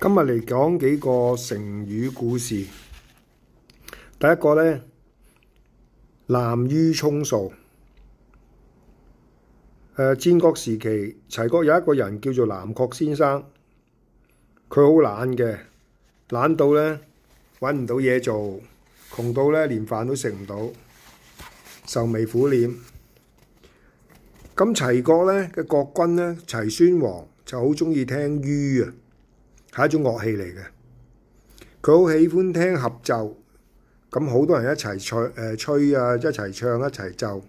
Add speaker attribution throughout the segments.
Speaker 1: 今日嚟講幾個成語故事。第一個呢，濫竽充數。誒、呃，戰國時期齊國有一個人叫做南郭先生，佢好懶嘅，懶到呢揾唔到嘢做，窮到呢連飯都食唔到，愁眉苦臉。咁齊國呢嘅國君呢，齊宣王就好鍾意聽竽啊。係一種樂器嚟嘅，佢好喜歡聽合奏，咁好多人一齊吹誒吹啊，一齊唱一齊奏，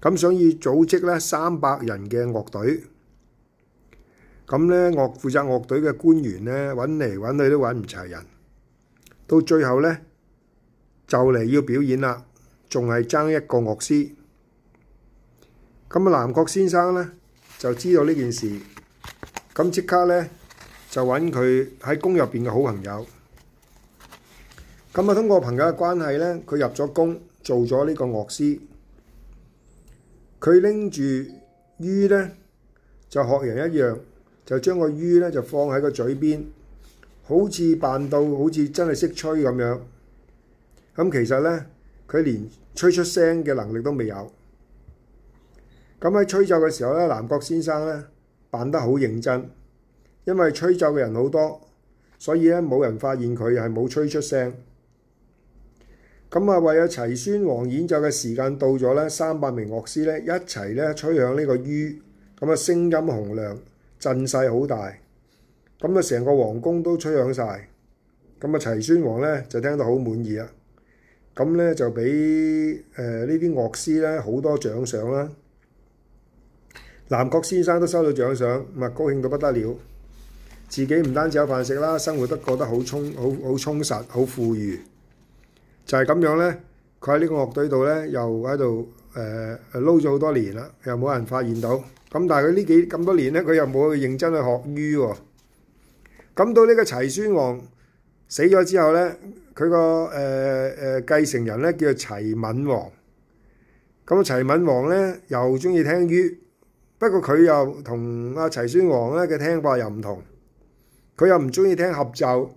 Speaker 1: 咁想要組織咧三百人嘅樂隊，咁咧樂負責樂隊嘅官員咧揾嚟揾去都揾唔齊人，到最後咧就嚟要表演啦，仲係爭一個樂師，咁啊南郭先生咧就知道呢件事，咁即刻咧，就揾佢喺宮入邊嘅好朋友，咁啊，通過朋友嘅關係呢，佢入咗宮，做咗呢個樂師。佢拎住竽呢，就學人一樣，就將個竽呢，就放喺個嘴邊，好似扮到好似真係識吹咁樣。咁其實呢，佢連吹出聲嘅能力都未有。咁喺吹奏嘅時候呢，南郭先生呢，扮得好認真。因為吹奏嘅人好多，所以咧冇人發現佢係冇吹出聲。咁啊，為咗齊宣王演奏嘅時間到咗咧，三百名樂師咧一齊咧吹響呢個竽，咁啊聲音洪亮，陣勢好大，咁啊成個皇宮都吹響晒。咁啊齊宣王咧就聽到好滿意啊，咁咧就俾誒呢啲樂師咧好多獎賞啦。南國先生都收到獎賞，咁啊高興到不得了。自己唔單止有飯食啦，生活都過得好充，好好充實，好富裕。就係，是，咁樣咧，佢喺呢個樂隊度咧，呃，又喺度誒撈咗好多年啦，又冇人發現到。咁但係佢呢幾咁多年咧，佢又冇去認真去學竽喎，哦。咁到呢個齊宣王死咗之後咧，佢個誒誒繼承人咧叫做齊敏王。咁啊，齊敏王咧又中意聽竽，不過佢又同阿齊宣王咧嘅聽法又唔同。佢又唔中意聽合奏，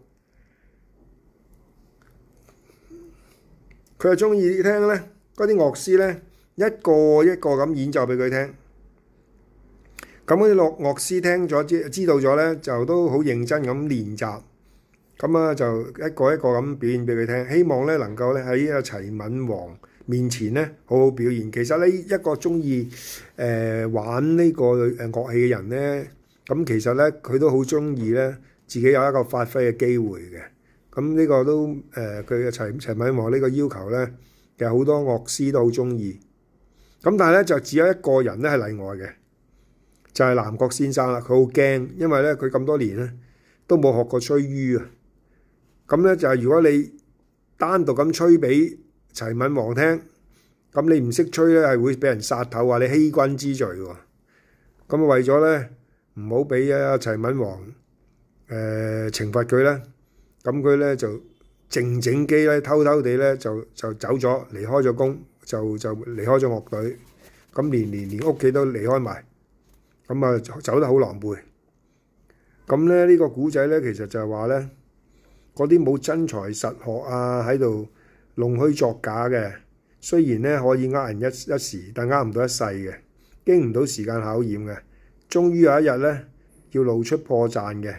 Speaker 1: 佢又中意聽咧嗰啲樂師咧一個一個咁演奏俾佢聽。咁嗰啲樂樂師聽咗知知道咗咧，就都好認真咁練習。咁啊，就一個一個咁表現俾佢聽，希望咧能夠咧喺阿齊敏王面前咧好好表現。其實呢一個中意誒玩呢個誒樂器嘅人咧，咁其實咧佢都好中意咧。自己有一個發揮嘅機會嘅，咁呢個都誒佢嘅齊齊敏王呢個要求咧，有好多樂師都好中意。咁但係咧就只有一個人咧係例外嘅，就係南郭先生啦。佢好驚，因為咧佢咁多年咧都冇學過吹竽啊。咁咧就係如果你單獨咁吹俾齊敏王聽，咁你唔識吹咧係會俾人殺頭，話你欺君之罪喎。咁啊，為咗咧唔好俾阿齊敏王。誒、呃、懲罰佢咧，咁佢咧就靜靜機咧，偷偷地咧就就走咗，離開咗工，就就離開咗樂隊。咁連連連屋企都離開埋，咁啊走得好狼狽。咁咧呢、呢個古仔咧，其實就係話咧，嗰啲冇真才實學啊，喺度弄虛作假嘅。雖然咧可以呃人一一時，但呃唔到一世嘅，經唔到時間考驗嘅。終於有一日咧，要露出破綻嘅。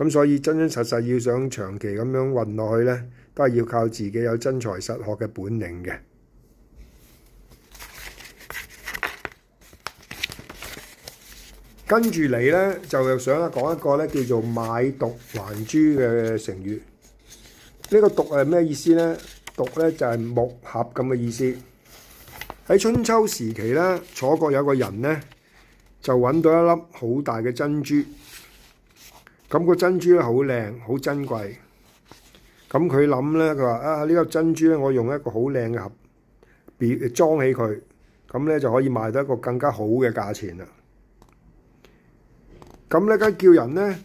Speaker 1: 咁所以真真實實要想長期咁樣運落去呢，都係要靠自己有真才實學嘅本領嘅。跟住嚟呢，就又想啊講一個呢叫做買櫝還珠嘅成語。呢個「櫝」係咩意思呢？「櫝」呢就係木盒咁嘅意思。喺春秋時期呢，楚國有個人呢，就揾到一粒好大嘅珍珠。咁個珍珠咧，好靚，好珍貴。咁佢諗咧，佢話：啊呢粒珍珠咧，我用一個好靚嘅盒，別裝起佢，咁咧就可以賣到一個更加好嘅價錢啦。咁咧，梗叫人咧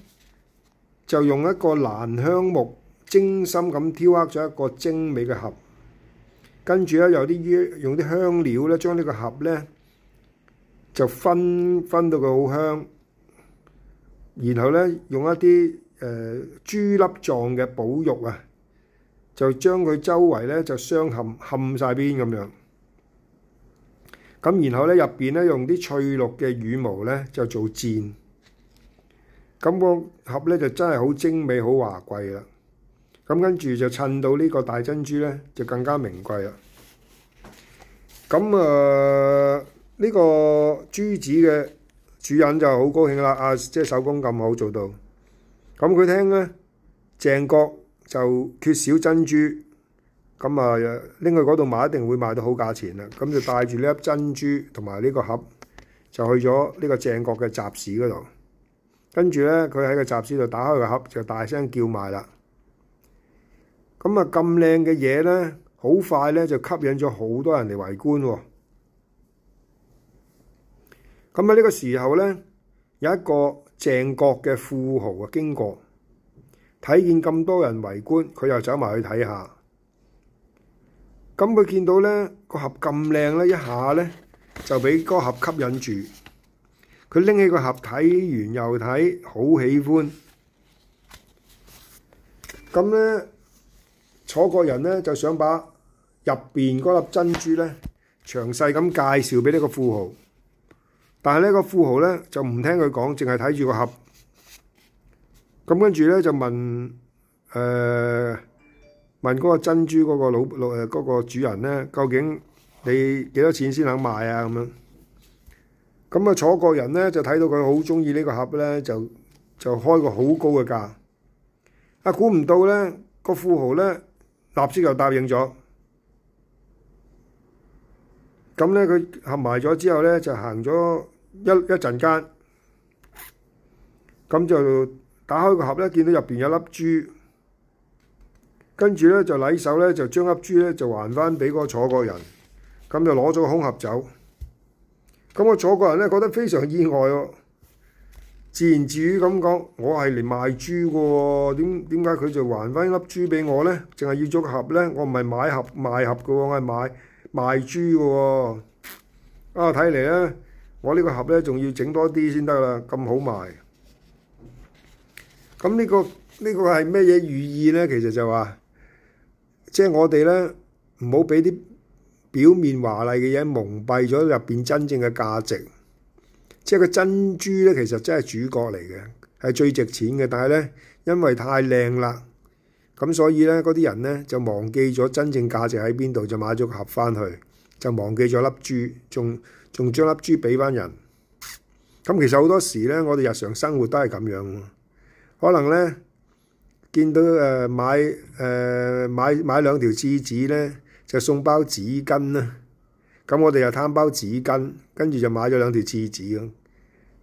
Speaker 1: 就用一個蘭香木，精心咁挑刻咗一個精美嘅盒，跟住咧有啲用啲香料咧，將呢個盒咧就分分到佢好香。然後咧，用一啲誒珠粒狀嘅寶玉啊，就將佢周圍咧就鑲嵌嵌晒邊咁樣。咁然後咧，入邊咧用啲翠綠嘅羽毛咧就做箭。咁個盒咧就真係好精美、好華貴啦。咁跟住就襯到呢個大珍珠咧就更加名貴啦。咁啊，呢、呃這個珠子嘅～主人就好高興啦！啊，即係手工咁好做到，咁佢聽咧，鄭國就缺少珍珠，咁啊拎去嗰度賣一定會賣到好價錢啦。咁就帶住呢粒珍珠同埋呢個盒，就去咗呢個鄭國嘅集市嗰度。跟住咧，佢喺個集市度打開個盒，就大聲叫賣啦。咁啊咁靚嘅嘢咧，好快咧就吸引咗好多人嚟圍觀喎。咁喺呢個時候咧，有一個鄭國嘅富豪啊，經過，睇見咁多人圍觀，佢又走埋去睇下。咁佢見到咧個盒咁靚咧，一下咧就俾嗰個盒吸引住。佢拎起個盒睇完又睇，好喜歡。咁咧楚國人咧就想把入邊嗰粒珍珠咧詳細咁介紹俾呢個富豪。但係咧個富豪咧就唔聽佢講，淨係睇住個盒。咁跟住咧就問誒問嗰個珍珠嗰個老老誒嗰個主人咧，究竟你幾多錢先肯賣啊？咁樣。咁啊楚國人咧就睇到佢好中意呢個盒咧，就就開個好高嘅價。啊，估唔到咧個富豪咧立即就答應咗。咁咧佢合埋咗之後咧就行咗。一一陣間，咁就打開個盒咧，見到入邊有粒珠，跟住咧就禮手咧，就將粒珠咧就還翻俾個楚國人，咁就攞咗個空盒走。咁、那個楚國人咧覺得非常意外喎、哦，自言自語咁講：我係嚟賣珠個、哦，點點解佢就還翻粒珠俾我咧？淨係要咗個盒咧，我唔係買盒，買盒、哦、買賣盒個，我係買賣珠個。啊，睇嚟咧～我呢個盒咧，仲要整多啲先得啦，咁好賣。咁呢個呢個係咩嘢寓意咧？其實就話，即係我哋咧唔好俾啲表面華麗嘅嘢蒙蔽咗入邊真正嘅價值。即係個珍珠咧，其實真係主角嚟嘅，係最值錢嘅。但係咧，因為太靚啦，咁所以咧嗰啲人咧就忘記咗真正價值喺邊度，就買咗個盒翻去，就忘記咗粒珠，仲，仲將粒珠俾翻人，咁其實好多時咧，我哋日常生活都係咁樣咯。可能咧見到誒、呃、買誒、呃、買買兩條廁紙咧，就送包紙巾啦。咁我哋又貪包紙巾，跟住就買咗兩條廁紙咯。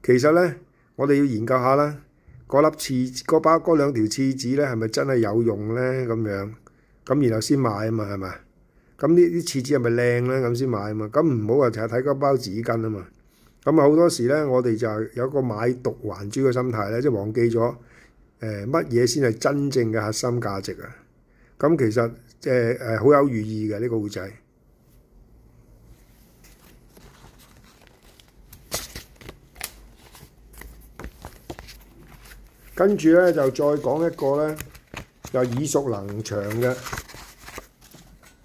Speaker 1: 其實咧，我哋要研究下啦，嗰粒廁嗰包嗰兩條廁紙咧，係咪真係有用咧？咁樣咁然後先買啊嘛，係咪？咁呢啲廁紙係咪靚咧？咁先買嘛。咁唔好話淨係睇嗰包紙巾啊嘛。咁啊好多時咧，我哋就有一個買櫝還珠嘅心態咧，即係忘記咗誒乜嘢先係真正嘅核心價值啊。咁其實即係誒好有寓意嘅呢個故仔。跟住咧就再講一個咧，又耳熟能詳嘅。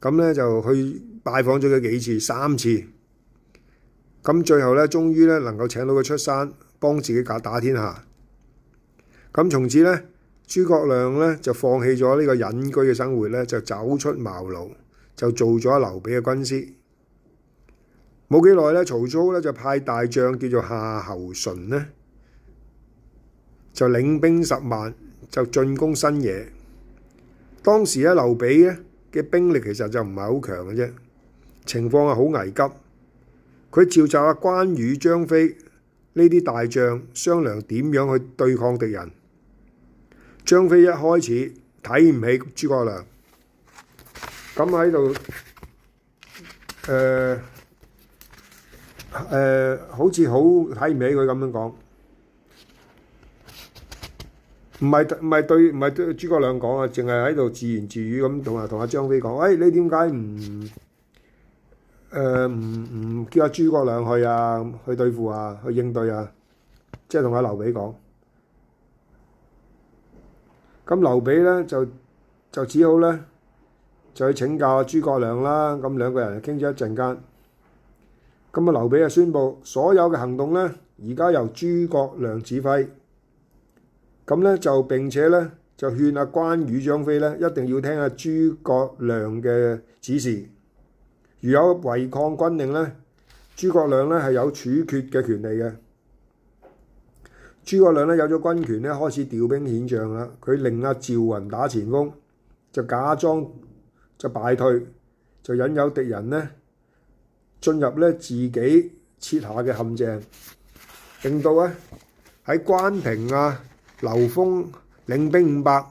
Speaker 1: 咁呢，就去拜訪咗佢幾次，三次。咁最後呢，終於呢，能夠請到佢出山，幫自己打打天下。咁從此呢，諸葛亮呢，就放棄咗呢個隱居嘅生活呢，就走出茅廬，就做咗劉備嘅軍師。冇幾耐呢，曹操呢，就派大將叫做夏侯惇呢，就領兵十萬就進攻新野。當時呢，劉備呢。嘅兵力其實就唔係好強嘅啫，情況係好危急。佢召集阿關羽、張飛呢啲大將商量點樣去對抗敵人。張飛一開始睇唔起諸葛亮，咁喺度誒誒好似好睇唔起佢咁樣講。唔係唔係對唔係對，對諸葛亮講啊，淨係喺度自言自語咁同啊同阿張飛講：誒、哎、你點解唔誒唔唔叫阿諸葛亮去啊？去對付啊，去應對啊，即係同阿劉備講。咁劉備咧就就只好咧就去請教阿諸葛亮啦。咁兩個人傾咗一陣間，咁啊劉備啊宣佈所有嘅行動咧，而家由諸葛亮指揮。咁咧就並且咧就勸阿、啊、關羽、張飛咧一定要聽阿、啊、諸葛亮嘅指示，如有違抗軍令咧，諸葛亮咧係有處決嘅權力嘅。諸葛亮咧有咗軍權咧，開始調兵遣將啦。佢令阿、啊、趙雲打前鋒，就假裝就敗退，就引誘敵人咧進入咧自己設下嘅陷阱，令到咧喺關平啊～劉封領兵五百，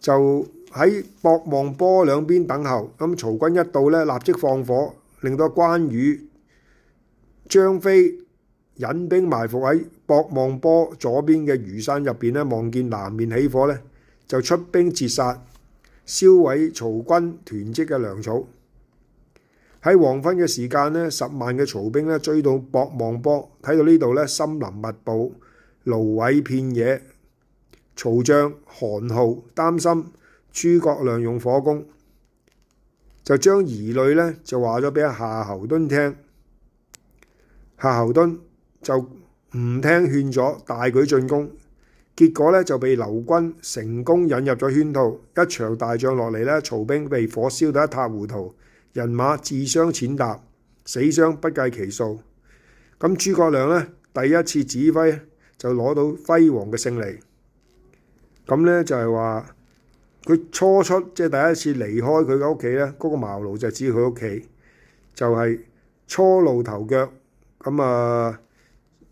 Speaker 1: 就喺博望坡兩邊等候。咁曹軍一到咧，立即放火，令到關羽、張飛引兵埋伏喺博望坡左邊嘅餘山入邊咧。望見南面起火呢，就出兵截殺，燒毀曹軍囤積嘅糧草。喺黃昏嘅時間呢，十萬嘅曹兵咧追到博望坡，睇到呢度呢，森林密佈。蘆葦遍野，曹將韓浩擔心諸葛亮用火攻，就將疑慮呢就話咗俾夏侯惇聽。夏侯惇就唔聽勸咗，大舉進攻，結果呢就被劉軍成功引入咗圈套。一場大仗落嚟呢，曹兵被火燒得一塌糊塗，人馬自相踐踏，死傷不計其數。咁諸葛亮呢第一次指揮。就攞到輝煌嘅勝利，咁咧就係話佢初出即係、就是、第一次離開佢嘅屋企咧，嗰、那個茅廬就係指佢屋企，就係、是、初露頭角，咁啊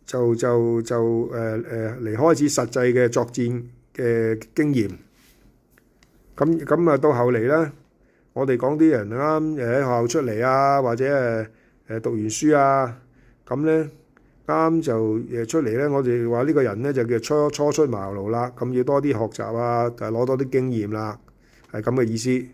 Speaker 1: 就就就誒誒、呃、離開始實際嘅作戰嘅經驗，咁咁啊到後嚟咧，我哋講啲人啱誒喺學校出嚟啊，或者誒誒讀完書啊，咁咧。啱就出嚟咧，我哋話呢個人咧就叫初初出茅廬啦，咁要多啲學習啊，就係攞多啲經驗啦，係咁嘅意思。